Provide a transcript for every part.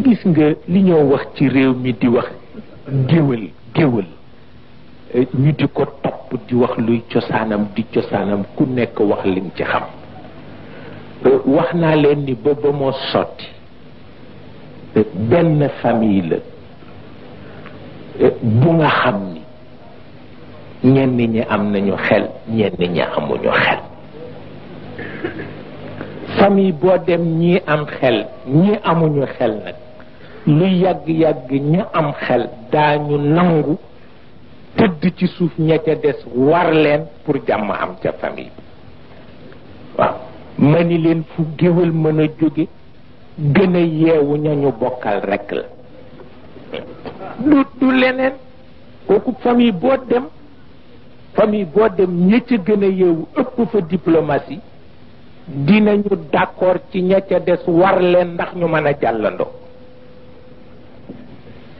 gis nga li ñoo wax ci réew mi di wax géwël géwël eh, ñu di ko topp di wax luy cosaanam di cosaanam ku nekk wax liñ ci xam eh, wax naa leen ni ba ba moo sotti eh, benn famille la bu nga xam ni ñenn ñi am nañu xel ñenn ñi amuñu xel famille boo dem ñii am xel ñi amuñu xel nag lu yàgg-yàgg ñu am xel daañu nangu tëdd ci suuf ña ca des war leen pour jàmm am ca famille bi ma ni leen fu géwal mën a jóge gën a yeewu ñañu bokkal rekk la du du leneen kooku famille boo dem famille boo dem ña ca gën yeewu ëpp fa diplomatie dinañu d'accord ci ña ca des war leen ndax ñu mën a jàllandoo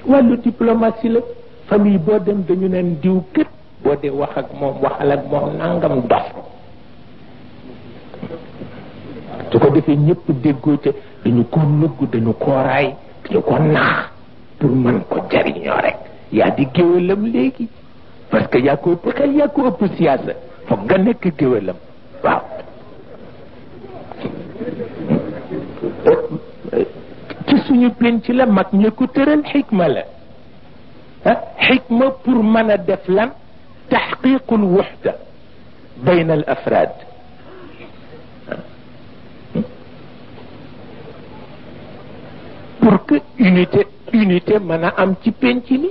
wàllu diplomatie la famille boo dem dañu neen diw kët boo dee wax ak moom waxal ak moom nangam dof su ko defee ñëpp déggoo ca dañu ko nëgg dañu ko raay dañu ko naax pour mën ko jariñoo rek yaa di géwélam léegi parce que yaa ko ëpp xel yaa ko ëpp siyaasa foog nga nekk géwélam suñu penc la mag ña ko tëral xikma la ah, xikma pour mën a def lan taxqiqul wuxda bayn al afraad pour que unité unité mën a am ci penc mi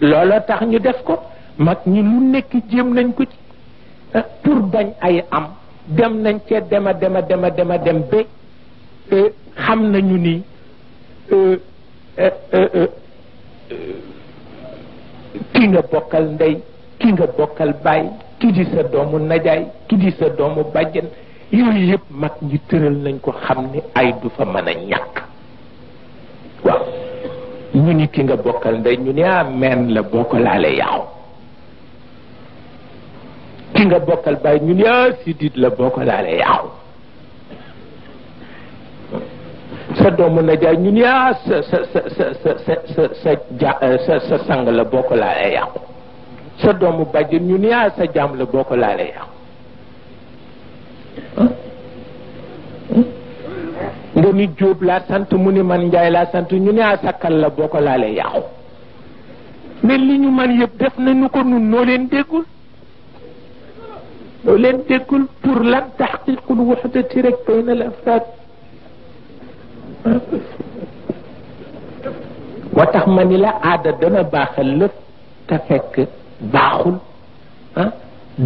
looloo tax ñu def ko mag ñu lu nekk jéem nañ ko ci ah, pour dañ ay am dem nañ cee dema dema dema dema dem ba xam nañu ni ki nga bokkal ndey ki nga bokkal baay ki di sa doomu najaay ki di sa doomu bàjjen yooyu yëpp mag ñi tëral nañ ko xam ni ay du fa mën a ñàkk waaw ñu ni ki nga bokkal ndey ñu ni ah meen la boo ko laalee yàqu ki nga bokkal baay ñu ni ah sidit la boo ko laalee yàqu sa doomu na jaay ñu ni ah sa sa sa sa sa sa sa eh, sang la boo ko laalee yàqu sa doomu bàjjen ñu ni ah sa jaam la boo ko laa sant mu ni man Njaay laa sant ñu ne ah yàqu mais li ñu man yëpp def nañu ko nun noo leen déggul noo leen déggul pour lan taxqiqul waxdati rek bayna al afraad moo tax ma ni la aada dana baaxal lëf te fekk baaxul ah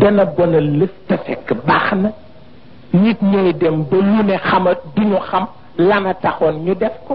dana bonal lëf fekk baax na nit ñooy dem ba lu ne xamat ñu xam lana taxoon ñu def ko